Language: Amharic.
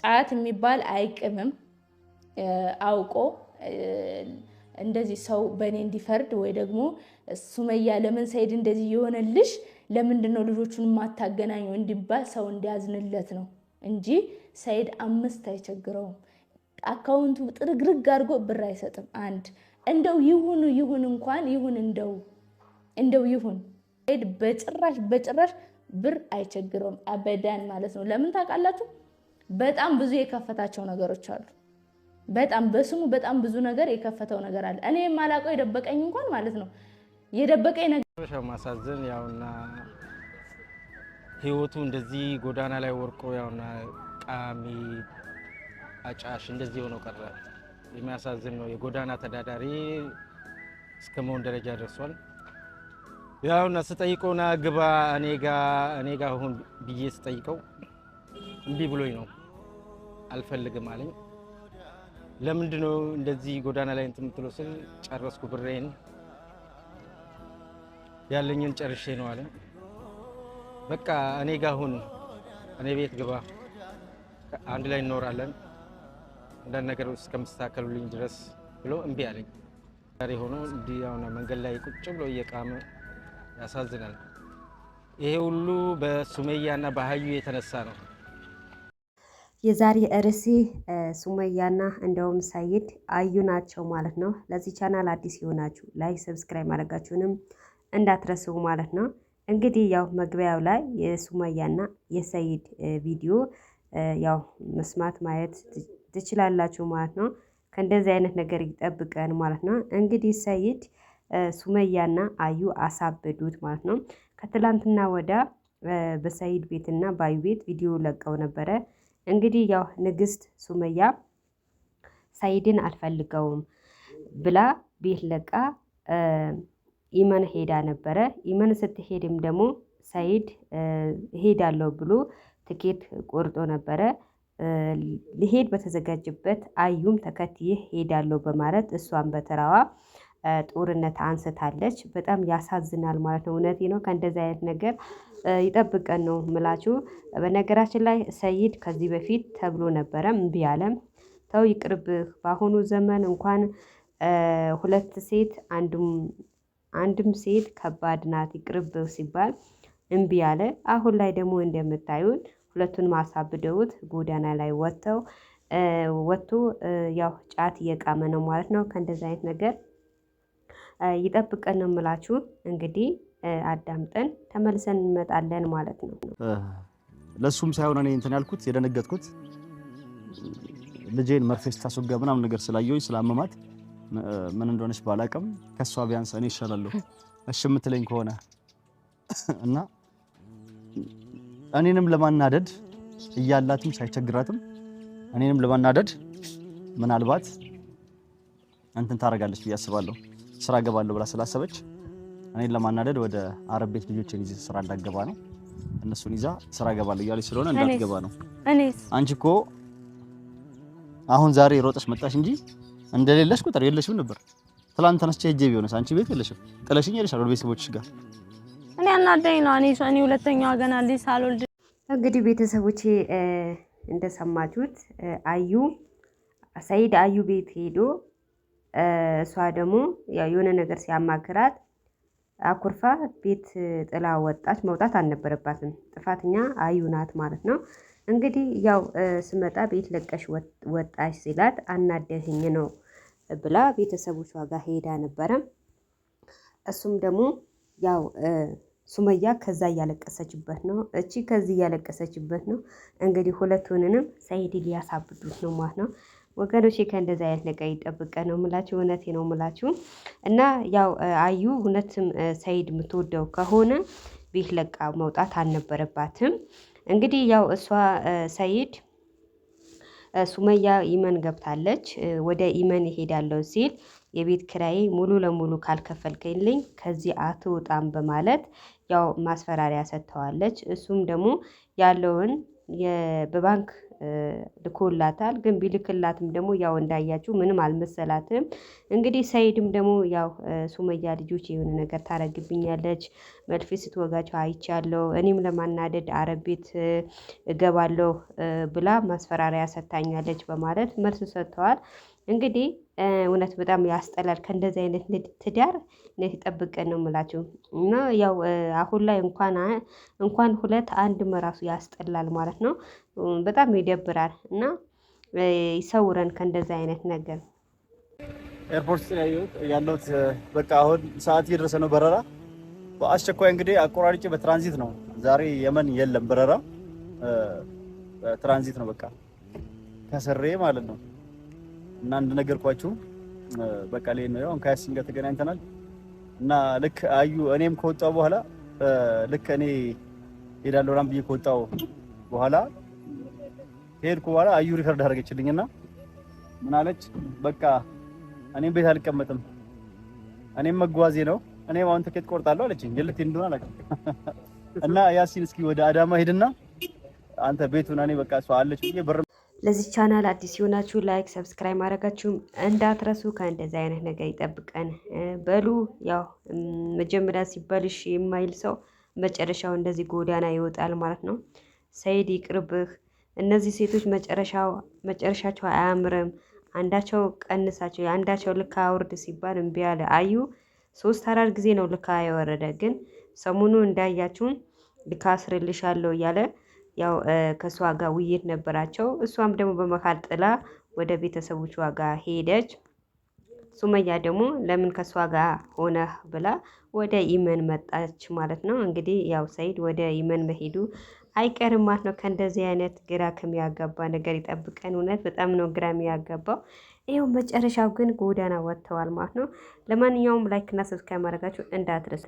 ጫት የሚባል አይቅምም አውቆ እንደዚህ ሰው በእኔ እንዲፈርድ ወይ ደግሞ ሱመያ ለምን ሰይድ እንደዚህ የሆነልሽ ለምንድን ነው ልጆቹን የማታገናኙ እንዲባል ሰው እንዲያዝንለት ነው እንጂ ሰይድ አምስት አይቸግረውም። አካውንቱ ጥርግርግ አድርጎ ብር አይሰጥም። አንድ እንደው ይሁኑ ይሁን እንኳን ይሁን እንደው እንደው ይሁን ሰይድ በጭራሽ በጭራሽ ብር አይቸግረውም። አበዳን ማለት ነው። ለምን ታውቃላችሁ? በጣም ብዙ የከፈታቸው ነገሮች አሉ። በጣም በስሙ በጣም ብዙ ነገር የከፈተው ነገር አለ። እኔ የማላውቀው የደበቀኝ እንኳን ማለት ነው የደበቀኝ ነገር ማሳዘን ያውና ህይወቱ እንደዚህ ጎዳና ላይ ወርቆ ያውና ቃሚ አጫሽ እንደዚህ ሆኖ ቀረ። የሚያሳዝን ነው። የጎዳና ተዳዳሪ እስከ መሆን ደረጃ ደርሷል። ያውና ስጠይቀውና ግባ እኔ ጋ ሁን ብዬ ስጠይቀው እምቢ ብሎኝ ነው አልፈልግም አለኝ። ለምንድ ነው እንደዚህ ጎዳና ላይ እንትን የምትለው ስል ጨረስኩ ብሬን ያለኝን ጨርሼ ነው አለ። በቃ እኔ ጋ ሁን፣ እኔ ቤት ግባ፣ አንድ ላይ እንኖራለን አንዳንድ ነገሮች እስከምስተካከሉልኝ ድረስ ብሎ እምቢ አለኝ። ዛሬ ሆኖ እንዲህ አሁን መንገድ ላይ ቁጭ ብሎ እየቃመ ያሳዝናል። ይሄ ሁሉ በሱሜያ እና በሀዩ የተነሳ ነው። የዛሬ ርዕሴ ሱመያና እንደውም ሰይድ አዩ ናቸው ማለት ነው። ለዚህ ቻናል አዲስ የሆናችሁ ላይ ሰብስክራይብ ማድረጋችሁንም እንዳትረስቡ ማለት ነው። እንግዲህ ያው መግቢያው ላይ የሱመያና የሰይድ ቪዲዮ ያው መስማት ማየት ትችላላችሁ ማለት ነው። ከእንደዚህ አይነት ነገር ይጠብቀን ማለት ነው። እንግዲህ ሰይድ ሱመያና አዩ አሳበዱት ማለት ነው። ከትላንትና ወዳ በሰይድ ቤትና በአዩ ቤት ቪዲዮ ለቀው ነበረ። እንግዲህ ያው ንግስት ሱመያ ሳይድን አልፈልገውም ብላ ቤት ለቃ ኢመን ሄዳ ነበረ። ኢመን ስትሄድም ደግሞ ሰኢድ እሄዳለሁ ብሎ ትኬት ቆርጦ ነበረ። ሊሄድ በተዘጋጀበት አዩም ተከትዬ ሄዳለሁ በማለት እሷን በተራዋ ጦርነት አንስታለች። በጣም ያሳዝናል ማለት ነው። እውነቴ ነው። ከእንደዚህ አይነት ነገር ይጠብቀን ነው ምላችሁ። በነገራችን ላይ ሰይድ ከዚህ በፊት ተብሎ ነበረ፣ እምቢ አለ። ተው ይቅርብህ። በአሁኑ ዘመን እንኳን ሁለት ሴት አንድም ሴት ከባድ ናት፣ ይቅርብህ ሲባል እምቢ አለ። አሁን ላይ ደግሞ እንደምታዩን ሁለቱን አሳብደውት ጎዳና ላይ ወጥተው ወጥቶ ያው ጫት እየቃመ ነው ማለት ነው። ከእንደዚህ አይነት ነገር ይጠብቀን ነው የምላችሁ። እንግዲህ አዳምጠን ተመልሰን እንመጣለን ማለት ነው። ለእሱም ሳይሆን እኔ እንትን ያልኩት የደነገጥኩት ልጄን መርፌ ስታስወጋ ምናምን ነገር ስላየሁኝ ስላመማት ምን እንደሆነች ባላቅም ከእሷ ቢያንስ እኔ ይሻላለሁ እሺ የምትለኝ ከሆነ እና እኔንም ለማናደድ እያላትም ሳይቸግራትም እኔንም ለማናደድ ምናልባት እንትን ታደርጋለች ብዬ አስባለሁ። ስራ ገባለሁ ብላ ስላሰበች እኔን ለማናደድ ወደ አረብ ቤት ልጆችን ይዘህ ስራ እንዳትገባ ነው፣ እነሱን ይዛ ስራ ገባለሁ እያለች ስለሆነ እንዳትገባ ነው። አንቺ እኮ አሁን ዛሬ ሮጠሽ መጣሽ እንጂ እንደሌለሽ ቁጥር የለሽም ነበር። ትላንት ተነስቼ ሄጄ ቢሆንስ አንቺ ቤት የለሽም፣ ጥለሽኝ ሄደሻል ወደ ቤተሰቦችሽ ጋር። እኔ አናደኝ ነው እኔ ሁለተኛ ገና ልጅ ሳልወልድ እንግዲህ ቤተሰቦቼ እንደሰማችሁት አዩ ሰኢድ አዩ ቤት ሄዶ እሷ ደግሞ የሆነ ነገር ሲያማክራት አኩርፋ ቤት ጥላ ወጣች። መውጣት አልነበረባትም። ጥፋተኛ አዩናት ማለት ነው። እንግዲህ ያው ስመጣ ቤት ለቀሽ ወጣሽ ሲላት አናደህኝ ነው ብላ ቤተሰቦቿ ጋር ሄዳ ነበረ። እሱም ደግሞ ያው ሱመያ ከዛ እያለቀሰችበት ነው፣ እቺ ከዚህ እያለቀሰችበት ነው። እንግዲህ ሁለቱንንም ሰኢድ ሊያሳብዱት ነው ማለት ነው። ወገኖች ከእንደዚህ አይነት ነገር ይጠብቀ ነው ምላችሁ። እውነቴ ነው ምላችሁ። እና ያው አዩ እውነትም ሰይድ የምትወደው ከሆነ ቤት ለቃ መውጣት አልነበረባትም። እንግዲህ ያው እሷ ሰይድ ሱመያ ኢመን ገብታለች። ወደ ኢመን ይሄዳለሁ ሲል የቤት ኪራይ ሙሉ ለሙሉ ካልከፈልከኝልኝ ከዚህ አትውጣም በማለት ያው ማስፈራሪያ ሰጥተዋለች። እሱም ደግሞ ያለውን በባንክ ልኮላታል ግን ቢልክላትም ደግሞ ያው እንዳያችሁ ምንም አልመሰላትም። እንግዲህ ሰይድም ደግሞ ያው ሱመያ ልጆች የሆነ ነገር ታረግብኛለች መድፌ ስትወጋቸው አይቻለሁ እኔም ለማናደድ አረቤት እገባለሁ ብላ ማስፈራሪያ ሰጥታኛለች በማለት መልስ ሰጥተዋል። እንግዲህ እውነት በጣም ያስጠላል። ከእንደዚህ አይነት ትዳር እውነት ይጠብቀን ነው የምላችሁ። እና ያው አሁን ላይ እንኳን እንኳን ሁለት አንድ መራሱ ያስጠላል ማለት ነው። በጣም ይደብራል እና ይሰውረን ከእንደዚህ አይነት ነገር። ኤርፖርት ያየሁት ያለሁት በቃ አሁን ሰዓት እየደረሰ ነው በረራ። በአስቸኳይ እንግዲህ አቆራርጬ በትራንዚት ነው ዛሬ የመን የለም በረራ፣ ትራንዚት ነው በቃ ከስሬ ማለት ነው እና እንደነገርኳችሁ በቃ ላይ ነው ያው ካያሲን ጋር ተገናኝተናል እና ልክ አዩ እኔም ከወጣው በኋላ ልክ እኔ ሄዳለሁ ራም ብዬ ከወጣው በኋላ ሄድኩ በኋላ አዩ ሪከርድ አደረገችልኝና ምን አለች በቃ እኔም ቤት አልቀመጥም እኔም መጓዜ ነው እኔም አሁን ትኬት ቆርጣለሁ አለችኝ የልት እንደሆነ አላውቅም እና ያሲን እስኪ ወደ አዳማ ሄድና አንተ ቤቱን እኔ በቃ እሷ አለች ብዬ ለዚህ ቻናል አዲስ የሆናችሁ ላይክ፣ ሰብስክራይብ ማድረጋችሁም እንዳትረሱ። ከእንደዚህ አይነት ነገር ይጠብቀን በሉ። ያው መጀመሪያ ሲበልሽ የማይል ሰው መጨረሻው እንደዚህ ጎዳና ይወጣል ማለት ነው። ሰይድ ይቅርብህ። እነዚህ ሴቶች መጨረሻቸው አያምርም። አንዳቸው ቀንሳቸው የአንዳቸው ልካ አውርድ ሲባል እምቢ አለ። አዩ ሶስት አራት ጊዜ ነው ልካ የወረደ ግን ሰሞኑ እንዳያችሁን ልካ አስርልሻለሁ እያለ ያው ከእሷ ጋር ውይይት ነበራቸው። እሷም ደግሞ በመካል ጥላ ወደ ቤተሰቦቿ ጋር ሄደች። ሱመያ ደግሞ ለምን ከእሷ ጋር ሆነህ ብላ ወደ ኢመን መጣች ማለት ነው። እንግዲህ ያው ሰይድ ወደ ኢመን መሄዱ አይቀርም ማለት ነው። ከእንደዚህ አይነት ግራ ከሚያጋባ ነገር ይጠብቀን። እውነት በጣም ነው ግራ የሚያጋባው። ይኸው መጨረሻው ግን ጎዳና ወጥተዋል ማለት ነው። ለማንኛውም ላይክና ሰብስክራይብ ማድረጋችሁ እንዳትረሱ።